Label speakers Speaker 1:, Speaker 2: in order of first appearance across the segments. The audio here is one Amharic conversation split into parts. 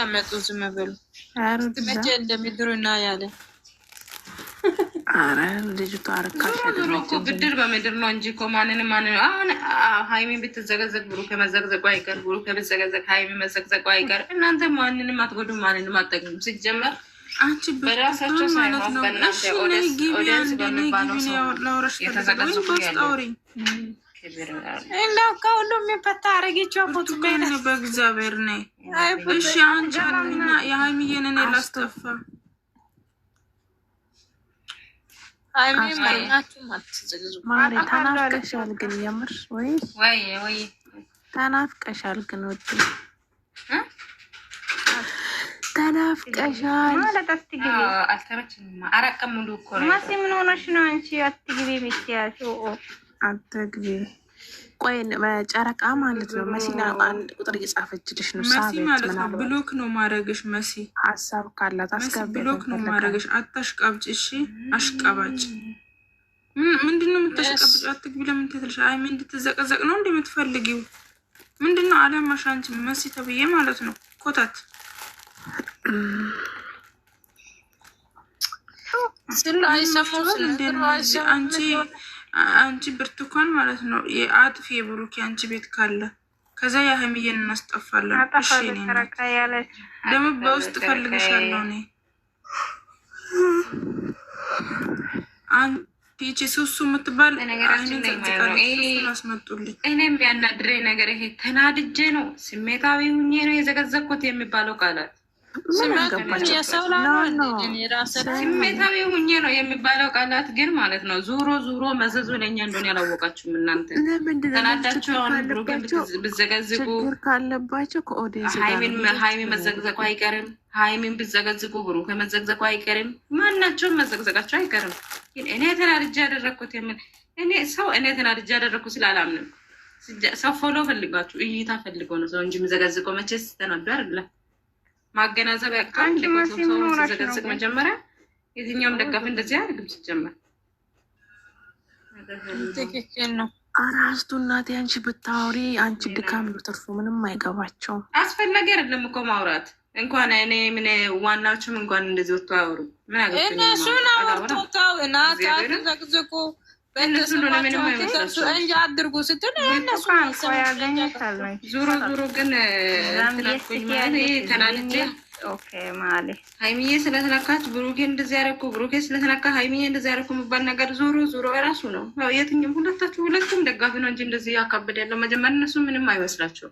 Speaker 1: ለመጡ ዝም ብሎ መቼ እንደሚድሩ እና ያለ
Speaker 2: አረ ልጅቷ አርካሽ
Speaker 1: ብሩ እኮ ብድር በምድር ነው እንጂ እኮ ማንንም ማንን አሁን ሀይሚ ብትዘገዘግ ብሩ ከመዘግዘጉ አይቀር ብሩ ከመዘገዘግ ሀይሚ መዘግዘጉ አይቀር። እናንተ ማንንም አትጎዱ፣ ማንንም አትጠቅሙ። ሲጀመር አንቺ በራሳቸው ሳይሆን በእናንተ
Speaker 2: ኦዲየንስ በሚባለው ሰው የተዘገዘጉ ያለ
Speaker 1: እንደው ከሁሉም የሚፈታ አረጌችው
Speaker 2: አቦቱ በእግዚአብሔር ነ እሺ፣ አንቻልና የሀይሚዬን እኔ ላስጠፋ ተናፍቀሻል፣ ግን የምር ወይ ተናፍቀሻል፣ ግን ወድ ተናፍቀሻል
Speaker 1: ማለት አትግቢ። አልተመችም። አረቀ ሙሉ እኮ ነው። ማሲ ምን ሆነሽ ነው አንቺ? አትግቢ ቤት
Speaker 2: አትግቢ። ቆይ ጨረቃ ማለት ነው መሲ አንድ ቁጥር እየጻፈችልሽ ነው። መሲ ማለት ነው ብሎክ ነው ማድረግሽ። መሲ
Speaker 1: ሀሳብ ካላት
Speaker 2: አስገቢ። ብሎክ ነው ማድረግሽ። አታሽቃብጭ። እሺ አሽቃባጭ ምንድን ነው የምታሽቃብጭ? አትግቢ ለምን ትትልሽ? አይ ምን እንድትዘቀዘቅ ነው እንደ የምትፈልጊው ምንድን ነው አላማሽ? አንቺ መሲ ተብዬ ማለት ነው ኮታት
Speaker 1: ስለ ስለ አይሰፈሩ
Speaker 2: አንቺ አንቺ ብርቱካን ማለት ነው የአጥፊ የብሩክ የአንቺ ቤት ካለ ከዛ የሀይሚዬን እናስጠፋለን። እሺ ደግሞ በውስጥ ፈልግሻለሁ እኔ አንቺ ሱሱ የምትባል አስመጡልኝ።
Speaker 1: እኔም ያናድረኝ ነገር ይሄ ተናድጄ ነው ስሜታዊ ሁኜ ነው የዘገዘኩት የሚባለው ቃላት ስሜታዊ ሁኜ ነው የሚባለው ቃላት ግን ማለት ነው። ዞሮ ዞሮ መዘዙ ለእኛ እንደሆነ ያላወቃችሁም እናንተ ተናዳችሁ ብዘገዝቁ
Speaker 2: ካለባቸው
Speaker 1: ሀይሚ መዘግዘቁ አይቀርም። ሀይሚን ብሩክ መዘግዘቁ አይቀርም። ማናቸውም መዘግዘቃቸው አይቀርም። ግን እኔ ተናድጄ ያደረግኩት የምን እኔ ሰው እኔ ተናድጄ ስላላምንም ሰው ፎሎ ፈልጋችሁ እይታ ፈልገው ነው ሰው እንጂ የሚዘገዝቀው መቼ ስተናዱ አይደለም። ማገናዘብ ያቃል። ዘገዝግ መጀመሪያ የትኛውም ደጋፊ እንደዚህ አያደርግም። ሲጀመር
Speaker 2: ትክክል ነው። አራስቱ እናቴ አንቺ ብታወሪ አንቺ ድካም ብትርፉ ምንም አይገባቸውም።
Speaker 1: አስፈላጊ አይደለም እኮ ማውራት እንኳን እኔ ምን ዋናዎችም እንኳን እንደዚህ ወጥቶ አያወሩም። ምን አገባኝ እነሱን አወርቶ እናት ዘቅዝቁ በእነሱ እንጂ አድርጉ ስትል እነሱ ያገኙታል። ዞሮ ዞሮ ግን ትናኩኝ ማለት ተናንቼ ሀይሚዬ ስለተነካች ብሩኬ እንደዚህ ያደረኩ ብሩኬ ስለተነካ ሀይሚዬ እንደዚህ ያደረኩ የሚባል ነገር ዞሮ ዞሮ እራሱ ነው። የትኛውም ሁለታችሁ ሁለቱም ደጋፊ ነው እንጂ እንደዚህ ያካብድ ያለው መጀመሪያ እነሱ ምንም አይመስላቸው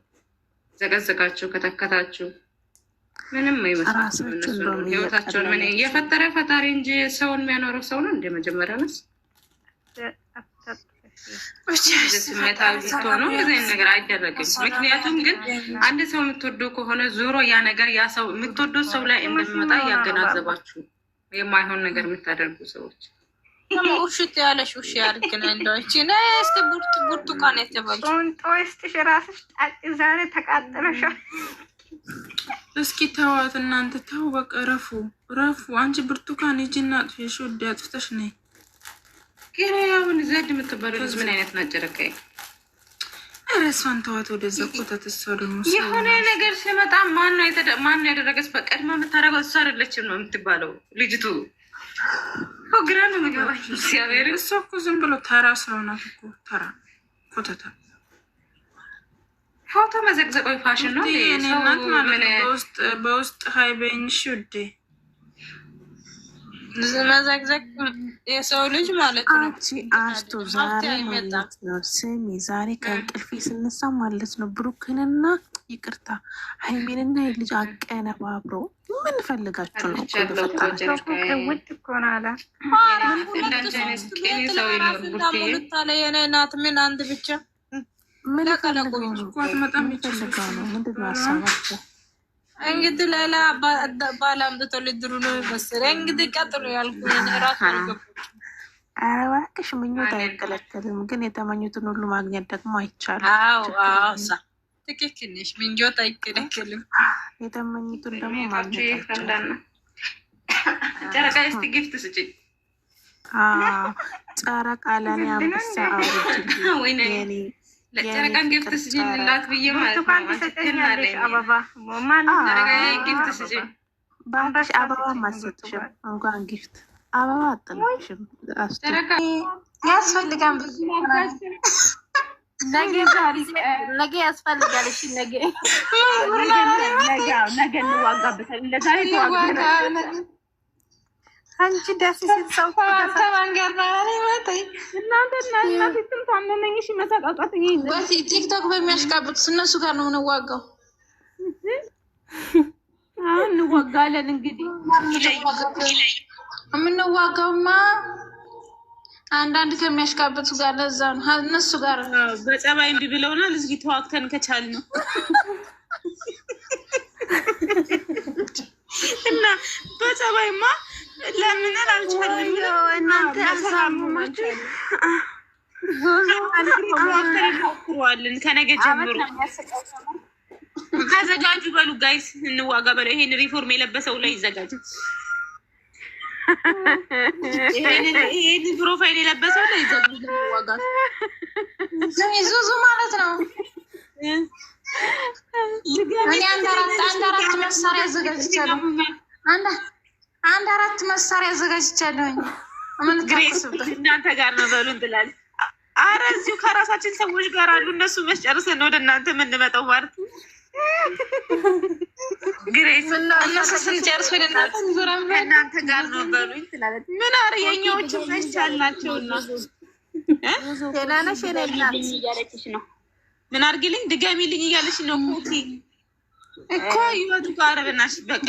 Speaker 1: ዘቀዘቃችሁ ከተከታችሁ ምንም አይመስላቸው። ህይወታቸውን ምን የፈጠረ ፈጣሪ እንጂ ሰውን የሚያኖረው ሰው ነው እንደ መጀመሪያ ነስ ስሜታዊ ብትሆኑ ነገር አይደረግም። ምክንያቱም ግን አንድ ሰው የምትወደው ከሆነ ያ ነገር ያ ሰው ሰው ላይ እንደሚመጣ እያገናዘባችሁ የማይሆን ነገር የምታደርጉ ሰዎች ውሽት ያለሽ ውሽ እንደች ስ ራስሽ ዛሬ ተቃጠለሻል።
Speaker 2: እስኪ ተዋት እናንተ ተው፣ በቃ ረፉ ረፉ። አንቺ ብርቱካን ነይ
Speaker 1: ጌራያውን ዘድ የምትባለው ምን አይነት ናት? ጨረቃዬ
Speaker 2: ኧረ ተዋት። ወደዛ ቆታ እሷ ደግሞ
Speaker 1: የሆነ ነገር ሲመጣ ማነው ያደረገች? በቀድማ የምታደርገው እሷ አይደለችም ነው የምትባለው ልጅቱ። ግራ ነው የሚገባኝ። እግዚአብሔር
Speaker 2: እሷ እኮ ዝም ብሎ ተራ ሰው ናት እኮ ተራ ቆተታ።
Speaker 1: ፎቶ መዘቅዘቆ ፋሽን
Speaker 2: ነው። በውስጥ ሀይበኝ ውዴ
Speaker 1: መዘግዘግ የሰው ልጅ ማለት
Speaker 2: ነው። አስቱ ዛሬ ማለት ነው ስሚ፣ ዛሬ ከእንቅልፌ ስነሳ ማለት ነው ብሩክንና ይቅርታ ሀይሜንና የልጅ አቀነባብሮ ምን ፈልጋችሁ ነው?
Speaker 1: ናት ምን አንድ ብቻ ምን ፈልጋ
Speaker 2: ነው? ምንድን ነው ሀሳባቸው?
Speaker 1: እንግዲህ ሌላ ባል አምጥቶ ልድሩ ነው እንግዲህ ያልኩኝ ኧረ
Speaker 2: እባክሽ ምኞት አይከለከልም፣ ግን የተመኙትን ሁሉ ማግኘት ደግሞ
Speaker 1: አይቻልም። ትክክል ነሽ። ምኞት አይከለከልም፣
Speaker 2: የተመኙትን ደግሞ
Speaker 1: ጨረቃ ጊፍት ጨረቃ ለጨረቃን ጊፍት ስጭኝላት ብዬ ማለት ነው።
Speaker 2: ባንዳሽ አበባ ማሰጥሽም እንኳን ጊፍት አበባ አጥንሽም ያስፈልጋል።
Speaker 1: ነገ ያስፈልጋል። እሺ ነገ ነገ እንዋጋበታለን። ለዛሬ ተዋግተናል። አንቺ ደስ ሲል ቲክቶክ በሚያሽቃብጡት እነሱ ጋር ነው የምንዋጋው። አሁን እንዋጋለን እንግዲህ የምንዋጋውማ አንዳንድ ከሚያሽቃብጡ ጋር ለዛ ነው እነሱ ጋር
Speaker 2: በጸባይ እምቢ ብለውናል። እዚህ ተዋግተን ከቻል ነው እና በጸባይማ ለምን
Speaker 1: አልቻለም? ከነገ ጀምሮ ተዘጋጁ በሉ ጋይስ፣ እንዋጋ በለው። ይሄን ሪፎርም የለበሰው ላይ ይዘጋጅ። ይሄን ፕሮፋይል የለበሰው ላይ ይዘጋጅ። ዙዙ ማለት ነው። አንድ አራት መሳሪያ አዘጋጅቻለሁ። አንድ አራት መሳሪያ አዘጋጅቻለሁኝ። ግሬስ እናንተ ጋር ነው በሉ እንትላለን። አረ እዚሁ ከራሳችን ሰዎች ጋር አሉ። እነሱ መስጨርሰን ወደ እናንተ የምንመጣው ማለት ነው። ግሬስ እነሱ ስንጨርስ ወደ እናንተ ጋር ነው በሉ እንትላለን። ምን አረ የኛዎች መስቻል ናቸውና ቴናነሽ እያለችሽ ነው። ምን አድርጊልኝ ድገሚልኝ እያለች ነው። ሙቲ እኮ ይወቱ ጋር በናሽ በቀ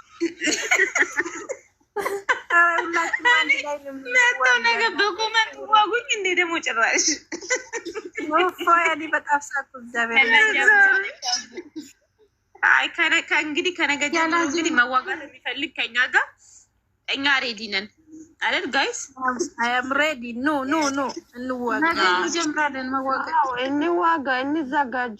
Speaker 1: መተው ነገ በኮመንት ዋጉኝ እንዴ ደግሞ ጭራሽ አይ እንግዲህ ከነገ ጀምሮ እንግዲህ መዋጋት የሚፈልግ ከኛ ጋር እኛ ሬዲ ነን አይደል ጋይስ? ሬዲ ኖ ኖ ኖ እንዋጋ፣ እንዋጋ፣ እንዘጋጅ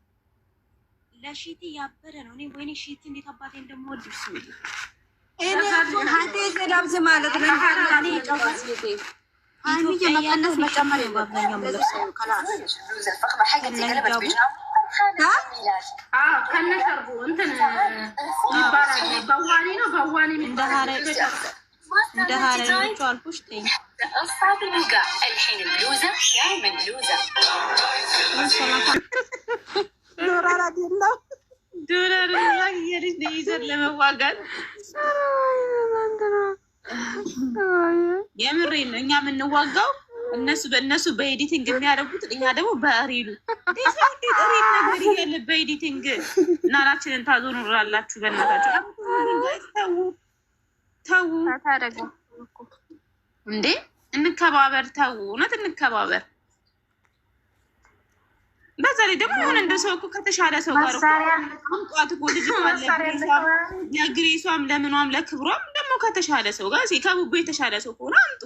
Speaker 1: ለሺቲ ያበረ ነው። እኔ ወይኔ ሺቲ እንዴት አባቴ እንደምወድ እሱ ዳብዝ ማለት ነው። መቀነስ መጨመር ከነሰርጉ እንትን ይባላል። በዋኔ ነው በዋኔ እንደ ዶላር አይደለም ዶላር የልጅ ነው ይዘን ለመዋጋት የምሬ ነው። እኛ የምንዋጋው እነሱ በእነሱ በኤዲቲንግ የሚያደርጉት እኛ ደግሞ በሪሉ ሪል ነገር እያለ በኤዲቲንግ በእናታችሁ እንዴ! እንከባበር። ተው እውነት እንከባበር። በዛ ላይ ደግሞ የሆነ እንደ ሰው እኮ ከተሻለ ሰው ጋር ቋት እኮ ልጅ ለግሬሷም ለምኗም ለክብሯም ደግሞ ከተሻለ ሰው ጋር ከቡቡ የተሻለ ሰው ከሆነ አምጡ።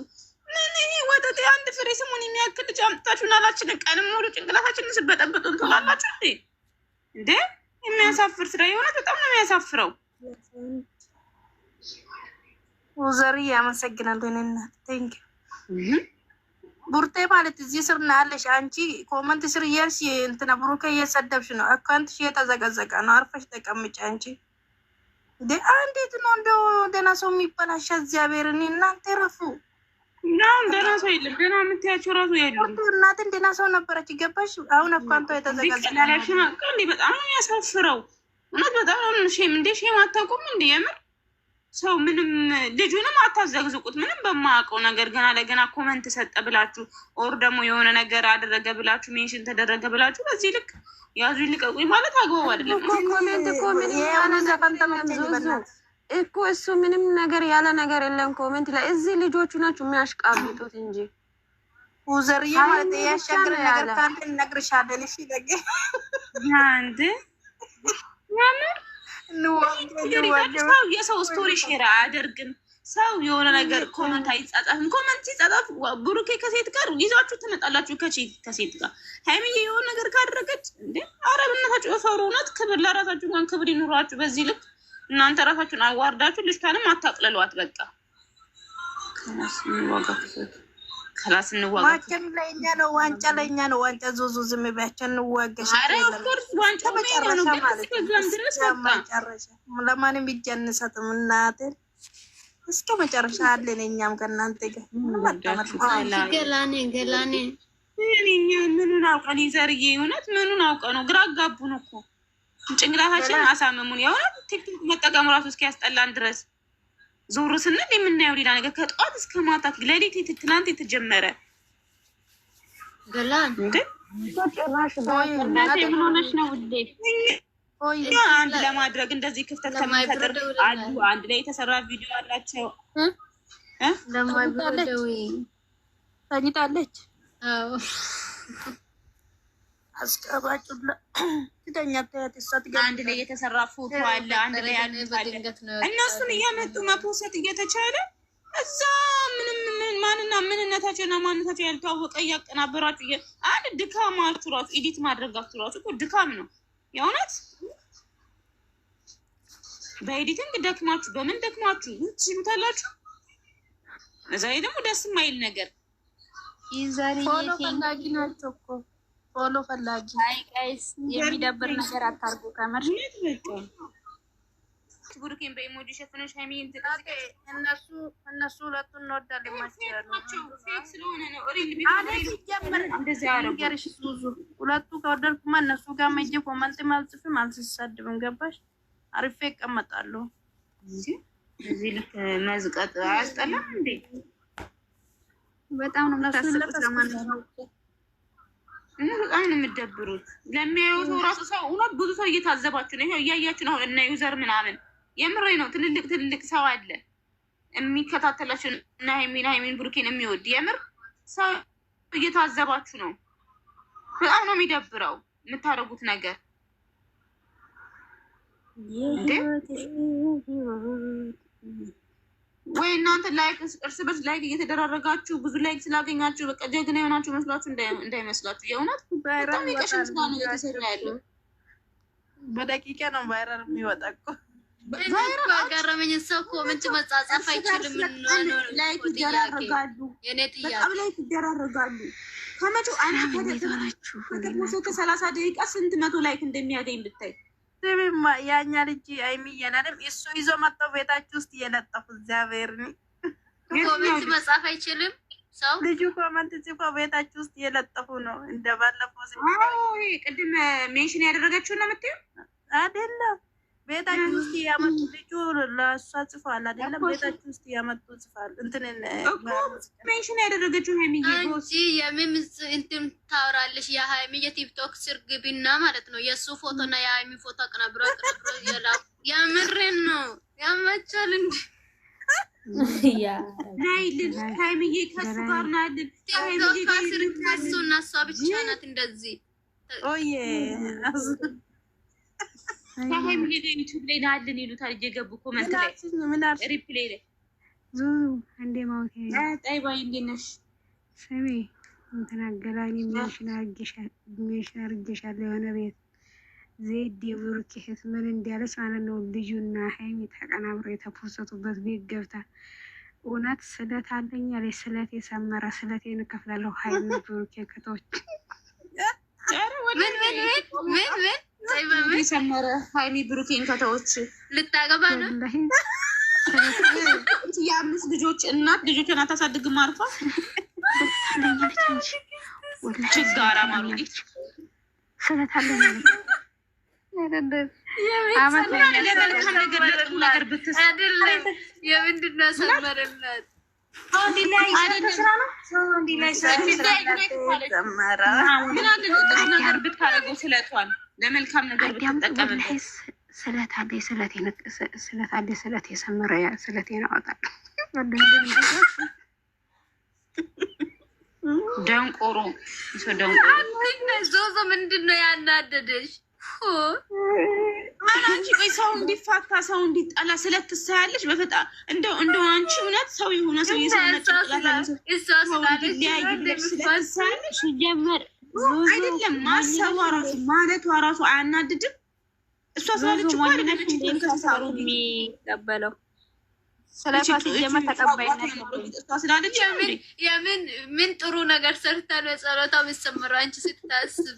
Speaker 1: ምን ይሄ ወተት አንድ ፍሬ ስሙን የሚያክል ልጅ አምጥታችሁ ናላችንን ቀንም ሙሉ ጭንቅላታችን ስበጠብጡ እንትላላችሁ እንዴ! እንዴ! የሚያሳፍር ስራ የሆነ በጣም ነው የሚያሳፍረው። ዘር አመሰግናለሁ። እናት ቴንኪው ቡርቴ ማለት እዚህ ስር ነው ያለሽ አንቺ ኮመንት ስር እያልሽ እንትና ብሩኬ እየሰደብሽ ነው። አካውንትሽ እየተዘቀዘቀ ነው። አርፈሽ ተቀምጭ አንቺ። እንዴ እንዴት ነው እንደው ደህና ሰው የሚበላሽ? እግዚአብሔርን እናንተ ረፉ ናሁን ደህና ሰው የለም። ደህና የምትያቸው ራሱ የለም። እናትን ደህና ሰው ነበረች ገባሽ? አሁን አካውንቷ የተዘቀዘቀ በጣም ነው እውነት በጣም ሼም እንዴ ሼም አታውቁም እንዴ የምር ሰው ምንም ልጁንም አታዘግዝቁት። ምንም በማያውቀው ነገር ገና ለገና ኮመንት ሰጠ ብላችሁ ኦር ደግሞ የሆነ ነገር አደረገ ብላችሁ ሜንሽን ተደረገ ብላችሁ በዚህ ልክ ያዙ ይልቀቁኝ ማለት አግባብ አይደለም እኮ። እሱ ምንም ነገር ያለ ነገር የለም ኮመንት ላይ። እዚህ ልጆቹ ናችሁ የሚያሽቃብጡት እንጂ ውዘርዬ ማለት ያሻግር ነገር ካንተ እነግርሻለሁ። እሺ ደግ ያንድ ያምር ሰው የሰው ስቶሪ ሼር አያደርግም። ሰው የሆነ ነገር ኮመንት አይጻጻፍም። ኮመንት ሲጻጻፍ ብሩኬ ከሴት ጋር ይዛችሁ ትመጣላችሁ። ከሴት ጋር ሀይሚዬ የሆነ ነገር ካደረገች እንደ አረብነታችሁ የፈሩ እውነት ክብር ለራሳችሁ እንኳን ክብር ይኑራችሁ። በዚህ ልክ እናንተ ራሳችሁን አዋርዳችሁ ልጅቷንም አታቅልሏት። በቃ ክላስ እንዋጋ። ማጭም ለኛ ነው ዋንጫ ለኛ ነው ዋንጫ። ዙዙ ዝም ብያቸው እንዋገሽ። አረ ማለት ነው። ለማንም እጅ እናትን እስከ መጨረሻ አለን። እኛም ከእናንተ ገላኔ ገላኔ እኛ ምኑን አውቀን ይዘርዬ፣ እውነት ምኑን አውቀ ነው? ግራ አጋቡን እኮ ጭንቅላታችን አሳምሙን። የእውነት ቲክቶክ መጠቀሙ ራሱ እስኪያስጠላን ድረስ ዞሮ ስንል የምናየው ሌላ ነገር ከጠዋት እስከ ማጣት ሌሊት ትናንት የተጀመረ አንድ ለማድረግ እንደዚህ ክፍተት ከሚፈጥር አሉ። አንድ ላይ የተሰራ ቪዲዮ አላቸው። ተኝታለች። አስቀባጩና ዳኛ ታያት ሳት አንድ ላይ የተሰራ ፎቶ አለ። አንድ ላይ እነሱን እያመጡ መፖሰት እየተቻለ እዛ ምንም ምን ማንና ምንነታቸውና ማንነታቸው ያልተዋወቀ እያቀናበራችሁ አንድ ድካማችሁ ራሱ ኤዲት ማድረጋችሁ ራሱ እኮ ድካም ነው የእውነት። በኤዲቲንግ ደክማችሁ በምን ደክማችሁ ትችሉታላችሁ። እዛ ደግሞ ደስ የማይል ነገር ፎሎ ፈላጊ ናቸው እኮ ፎሎ ፈላጊ። አይ ጋይስ የሚደብር ነገር አታርጉ። ከምር ቡሩኬን በኢሞጂ ሸፍነሽ ሃይሚን እነሱ እነሱ ሁለቱን እንወዳለን ማስቻሉ ፌክ ነው። ያለው ሱዙ ሁለቱ ከወደድኩማ እነሱ ጋር መጀ ኮመንት አልጽፍም፣ አልሰድብም። ገባሽ? አሪፌ እቀመጣለሁ። እዚህ ልክ መዝቀጥ አያስጠላም እንዴ? በጣም ነው ነው እና በጣም ነው የምደብሩት። ለሚያዩ ሰው ራሱ ሰው እውነት ብዙ ሰው እየታዘባችሁ ነው። ይኸው እያያችሁ ነው። እና ዩዘር ምናምን የምሬ ነው። ትልልቅ ትልልቅ ሰው አለ የሚከታተላችሁ እና ሀይሚን ሀይሚን ብሩኬን የሚወድ የምር ሰው እየታዘባችሁ ነው። በጣም ነው የሚደብረው የምታደርጉት ነገር እንዴ ወይ እናንተ ላይክ እርስ በርስ ላይክ እየተደራረጋችሁ ብዙ ላይክ ስላገኛችሁ በቃ ጀግና የሆናችሁ መስሏችሁ እንዳይመስላችሁ። የእውነት በጣም የቀሽም ስራ ነው እየተሰራ ያለው። በደቂቃ ነው ቫይራል የሚወጣ እኮ ባገረመኝ ሰው ኮመንት መጻጻፍ አይችልም። ላይክ ይደራረጋሉ፣ በጣም ላይክ ይደራረጋሉ። ከመቼው አይነት ደግሞ ከሰላሳ ደቂቃ ስንት መቶ ላይክ እንደሚያገኝ ብታይ ያኛ ልጅ አይሚ እያለንም እሱ ይዞ መጥተው ቤታችሁ ውስጥ እየለጠፉ እግዚአብሔርን ኮሜንት መጻፍ አይችልም ሰው ልጁ ኮመንት ጽፎ ቤታችሁ ውስጥ እየለጠፉ ነው። እንደባለፈው ቅድም ሜንሽን ያደረገችው ነው የምትይው አይደለም ቤታችሁ ውስጥ ያመጡ ልጁ ለእሷ ጽፏል አይደለም? ቤታችሁ ውስጥ ያመጡ ጽፏል። እንትንን ሜንሽን ያደረገችው ሀይሚዬ አንቺ የምም እንትን ታወራለሽ። የሀይሚዬ ቲክቶክ ስር ግቢና ማለት ነው የእሱ ፎቶና የሀይሚ ፎቶ አቀናብሮ አቀናብሮ የላ የምሬን ነው ያመቻል እንጂ ናይ ልጅ ሀይሚዬ ከሱ ጋር ና ልጅ ቲክቶክ ስር ከሱ እና እሷ ብቻ ናት እንደዚህ ኦየ ታሆይ ሄደ ዩቱብ ላይ ናለን ይሉታል እየገቡ ኮመንት ላይ ሪፕሌይ ላይ ዙዙ እንዴ እንዴት ነሽ? እንትን አገላኝ የሆነ ቤት ዜድ የብሩክ እህት ምን እንዲያለች ማለት ነው። ልጁና ሀይሚ ተቀናብሮ የተፖሰቱበት ቤት ገብታ እውነት ስለት አለኝ አለች። ስለት የሰመረ ስለት ሀይሚ ብሩክ ክቶች ምን ምን ምን ምን ሰመረ ሀይሚ ብሩኬን ከተዎች ልታገባ ነው። የአምስት ልጆች እናት ልጆችን አታሳድግም። አርፋ ችጋራ ማሩጌት ነገር ብትስ የምንድነው ሰመረላት ስለት አለ ስለት የሰመረ ስለቴን አወጣለሁ። ደንቆሮ ምንድን ነው ያናደደሽ? አንቺ ቆይ ሰው እንዲፋታ ሰው እንዲጣላ ስለትሳያለሽ። በፈጣ እንደ እንደ አንቺ እውነት ሰው የሆነ ሰው የሰውነት ስለትሳያለሽ። ጀመር አይደለም ማሰቧ ራሱ ማለቷ ራሱ አያናድድም? እሷ ስላለች ሚቀበለው ስለፋት ጀመር ተቀባይነት ስላለች ምን ምን ጥሩ ነገር ሰርታ ነው ጸሎታ ምሰምረ አንቺ ስታስብ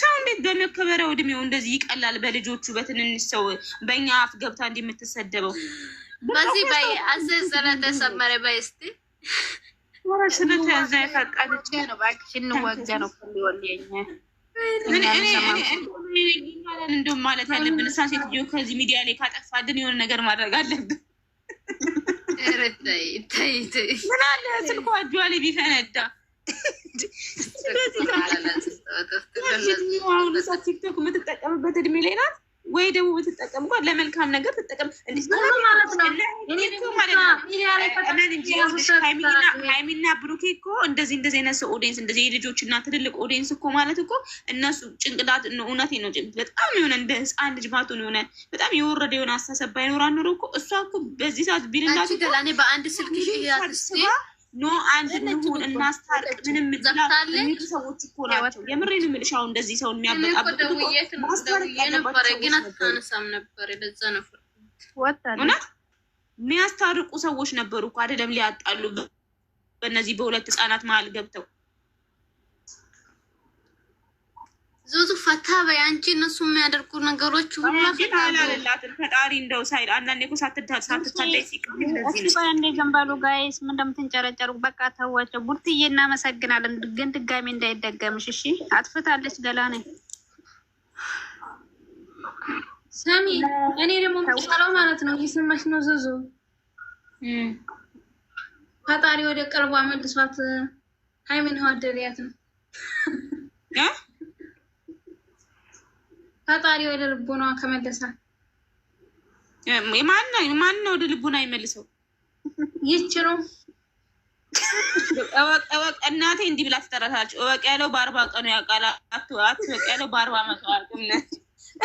Speaker 1: ሰው እንዴት በመከበሪያው እድሜው እንደዚህ ይቀላል? በልጆቹ በትንንሽ ሰው በእኛ አፍ ገብታ እንዲህ የምትሰደበው በዚህ በይ አስር ስለተሰመረ በይ እስኪ ስለተያዘ ያፈቃደች እንወጋ ነው እንደውም ማለት ያለብን እሳ ሴትዮ ከዚህ ሚዲያ ላይ ካጠፋድን የሆነ ነገር ማድረግ አለብን። ምን አለ ስልኳ እጇ ላይ ቢፈነዳ ቲክቶክ የምትጠቀምበት እድሜ ላይ ናት ወይ ደግሞ ብትጠቀም እንኳን ለመልካም ነገር ትጠቀም። ሀይሚና ብሩኬ እኮ እንደዚህ እንደዚህ አይነት ሰው ኦዲየንስ እንደዚህ የልጆችና ትልልቅ ኦዲየንስ እኮ ማለት እኮ እነሱ ጭንቅላት እውነቴ ነው። በጣም የሆነ እንደ ህፃን ልጅ ባትሆን የሆነ በጣም የወረደ የሆነ አስተሳሰብ ባይኖራ ኖሮ እኮ እሷ እኮ በዚህ ሰዓት ቢልላት በአንድ ስልክ ኖ አንድ እንሁን እናስታርቅ። ምንም ላሚሉ ሰዎች እኮ ናቸው። የምሬን የምልሽ አሁን እንደዚህ ሰውን የሚያበጣብጥ የሚያስታርቁ ሰዎች ነበሩ እኮ አይደለም ሊያጣሉ በእነዚህ በሁለት ህፃናት መሀል ገብተው ዙዙ ፈታ በይ አንቺ። እነሱ የሚያደርጉ ነገሮች ሁሉ ፈጣሪ እንደው ሳይል አንዳንዴ እኮ ሳትታለይ ሲቀር ዘንባሉ ጋይስ ምን እንደምትንጨረጨሩ በቃ ተዋቸው። ቡርትዬ እናመሰግናለን፣ ግን ድጋሚ እንዳይደገምሽ እሺ። አጥፍታለች ገላ ነኝ ሰሚ። እኔ ደግሞ ምሳለው ማለት ነው። እየሰማሽ ነው ዙዙ? ፈጣሪ ወደ ቅርቧ መልሷት። ሀይሚን ዋደልያት ነው ፈጣሪ ወደ ልቡና ከመለሳ ማን ነው ወደ ልቡና ይመልሰው? ይች ነው እናቴ እንዲህ ብላ ትጠራታለች። እወቅ ያለው በአርባ ቀኑ ያውቃል፣ አትወቅ ያለው በአርባ መቶ አያውቅም።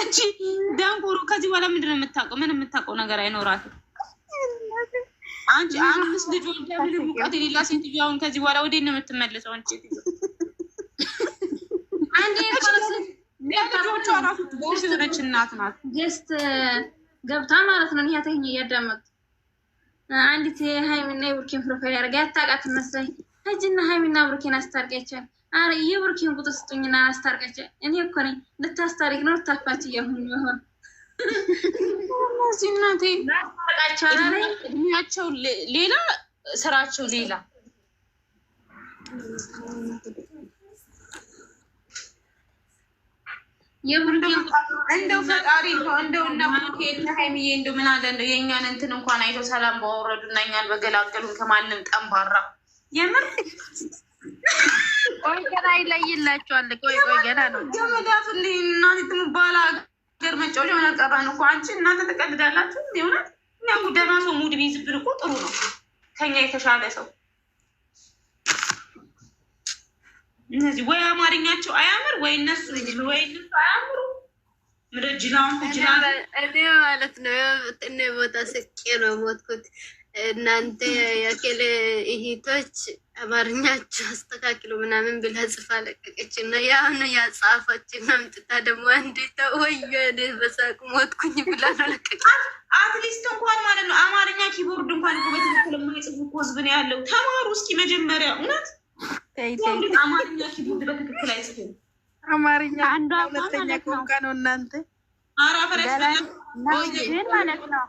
Speaker 1: እቺ ደንቆሮ ከዚህ በኋላ ምንድን ነው የምታውቀው? ምን የምታውቀው ነገር አይኖራትም። አንቺ አምስት ልጅ ወልዳ ምንም እውቀት የሌላ ሴትዮ አሁን ከዚህ በኋላ ወዴት ነው የምትመልሰው? አንቺ አንዴ ልጆቿ ራሱ የሆነች እናት ናት። ጀስት ገብታ ማለት ነው። ያተኝ እያዳመጡ አንዲት የሀይሚና የቡርኪን ፕሮፋይል ያደርገ ያታውቃት መስለኝ እጅና ሀይሚና ቡርኪን አስታርቂያቸል። አረ የቡርኪን ቁጥር ስጡኝና አስታርቂያቸል። እኔ እኮ ነኝ ልታስታሪቅ ነው ልታፋች እያሁን ይሆን እድሜያቸው ሌላ ስራቸው ሌላ እንደው ፈጣሪ እንደው እና ሀይሚዬ እንደው ምን አለ እንደው የእኛን እንትን እንኳን ሰላም ባወረዱ እና እኛን በገላገሉን ከማንም ጠንባራ የምር ቆይ ገና ይለይላቸዋል። ቆይ ቆይ ገና ነው ገመዳፍ እንዲ ትምባላ ሀገር እኮ አንቺ እናንተ ተቀልዳላችሁ። እኛ ደህና ሰው ሙድ ቢይዝብን እኮ ጥሩ ነው ከኛ የተሻለ ሰው እነዚህ ወይ አማርኛቸው አያምር ወይ እነሱ ወይ እነሱ አያምሩ። እኔ ማለት ነው እኔ ቦታ ስቄ ነው ሞትኩት። እናንተ የአኬለ እህቶች አማርኛቸው አስተካክሎ ምናምን ብላ ጽፋ ለቀቀች እና ያሁን ያጻፈች አምጥታ ደግሞ እንዴት ወየኔ በሳቅ ሞትኩኝ ብላ ነው ለቀቀች። አትሊስት እንኳን ማለት ነው አማርኛ ኪቦርድ እንኳን በትክክል የማይጽፉ ኮዝብን ያለው። ተማሩ እስኪ መጀመሪያ እውነት አማርኛ ሁለተኛ ቋንቋ ነው። እናንተ ግን ማለት ነው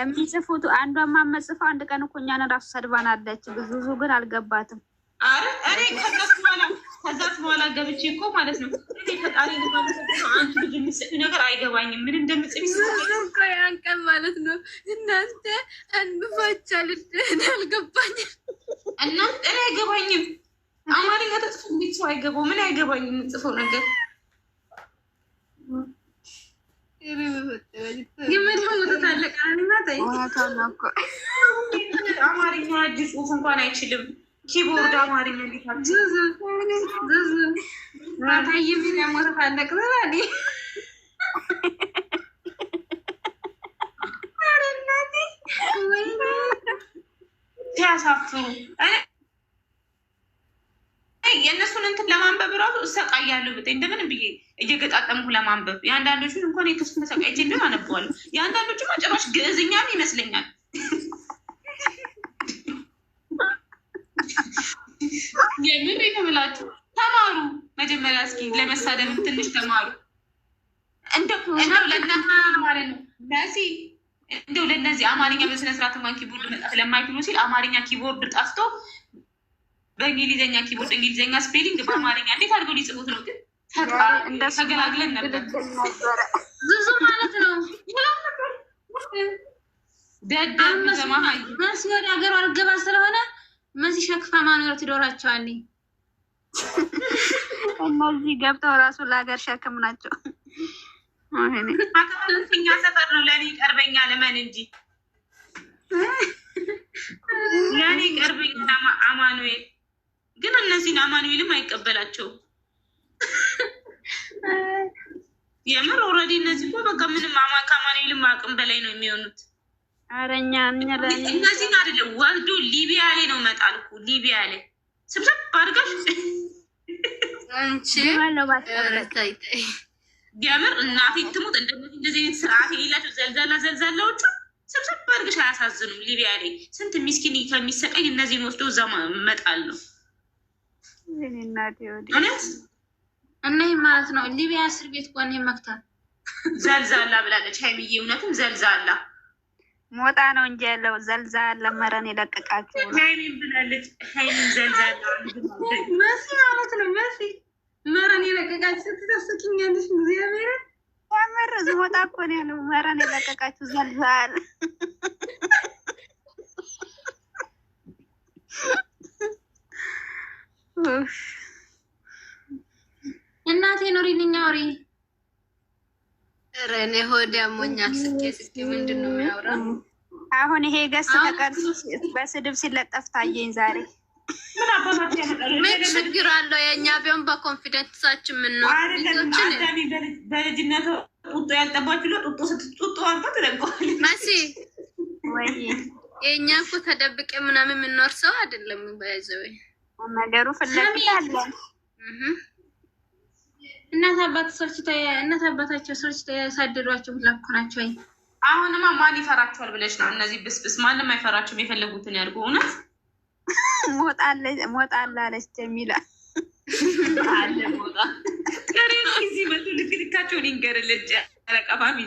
Speaker 1: የሚጽፉት አንዷማ መጽፈው አንድ ቀን እኮ እኛን እራሱ ሰድባናለች። ብዙ ግን አልገባትም። አረ እኔ ከዛስ በኋላ ከዛስ በኋላ ገብቼ እኮ ማለት ነው እኔ ፈጣሪ አንቺ ልጅ የምጽፊ ነገር አይገባኝም። ምን እንደምጽፊ አንቀን ማለት ነው እናንተ አንብፋቻ ልድ አልገባኝም። እናንተ እኔ አይገባኝም አማርኛ ተጽፎ ቤት ሰው አይገባው። ምን አይገባኝ የምጽፈው ነገር አማርኛ አዲስ ጽሁፍ እንኳን አይችልም። ኪቦርድ አማርኛ ሲያሳፍሩ እሰቃያለሁ ብታይ እንደምንም ብዬ እየገጣጠምኩ ለማንበብ የአንዳንዶቹ እንኳን የክሱ ተሰቃይቼ እንዲሆን አነበዋለሁ። የአንዳንዶቹ ጭራሽ ግዕዝኛም ይመስለኛል። የምር የተብላችሁ ተማሩ። መጀመሪያ እስኪ ለመሳደብ ትንሽ ተማሩ። እንደው ማለት ለእነዚህ አማርኛ በስነስርዓት እንኳን ኪቦርድ መጻፍ ለማይችሉ ሲል አማርኛ ኪቦርድ ጠፍቶ በእንግሊዝኛ ኪቦርድ እንግሊዝኛ ስፔሊንግ በአማርኛ እንዴት አድርገው ሊጽፉት ነው? ግን ተገላግለን ነበር። ብዙ ማለት ነው። ደደመስ ወደ ሀገሩ አልገባ ስለሆነ መሲ ሸክፋ ማኖር ትዶራቸዋል። እነዚህ ገብተው ራሱ ለሀገር ሸክም ናቸው። ኛ ሰፈር ነው። ለእኔ ቀርበኛ ለመን እንጂ ለእኔ ቀርበኛ አማኑኤል ግን እነዚህን አማኑኤልም አይቀበላቸው የምር ኦልሬዲ እነዚህ እኮ በቃ ምንም ከአማኑኤልም አቅም በላይ ነው የሚሆኑት። አረኛ እነዚህን አይደለም ወርዶ ሊቢያ ላይ ነው መጣል እኮ ሊቢያ ላይ ስብሰብ አድርጋሽ የምር እናቴ ትሙት እንደዚህ አይነት ስርዓት የሌላቸው ዘልዘላ ዘልዛላዎቹ ስብሰብ አድርገሽ አያሳዝኑም። ሊቢያ ላይ ስንት ሚስኪን ከሚሰቀኝ እነዚህን ወስዶ እዛ መጣል ነው። እውነት እና ማለት ነው ሊቢያ እስር ቤት ቆን መክታል ዘልዛላ ብላለች ሀይሚዬ። እውነትም ዘልዛላ ሞጣ ነው እንጂ ያለው ዘልዛላ መረን የለቀቃችሁ ሀይሚን ብላለች። ሀይሚን ዘልዛላ መሲ ማለት ነው መሲ መረን የለቀቃችሁ ትታሰቂኛለሽ እግዚአብሔር ያመረዝ ሞጣ እኮ ነው ያለው መረን የለቀቃችሁ ዘልዛላ እናቴ ኖሪ ወሬ ኧረ እኔ ሆዴ አሞኛል። ስኬ ስኬ ምንድን ነው አሁን ይሄ ገስ ተቀር በስድብ ሲለጠፍ ታየኝ ዛሬ። ምን ችግር አለው? የእኛ ቢሆን በኮንፊደንሳችን ምን ነው በልጅነቱ ጡጦ ጡጦ መሲ የእኛ እኮ ተደብቄ ምናምን የምኖር ሰው አይደለም። በያዘወይ ነገሩ ፍለፊታለን እናት አባት ስርችቶ እናት አባታቸው ስርችቶ ያሳደዷቸው ሁላ እኮ ናቸው። አሁንማ ማን ይፈራቸዋል ብለሽ ነው? እነዚህ ብስብስ ማንም አይፈራቸውም። የፈለጉትን ያድርጉ። እውነት ሞጣላ አለች ጀሚላ ሞጣ ቀሪ ጊዜ መቶ ልክልካቸውን ይንገርልጭ ረቀፋሚ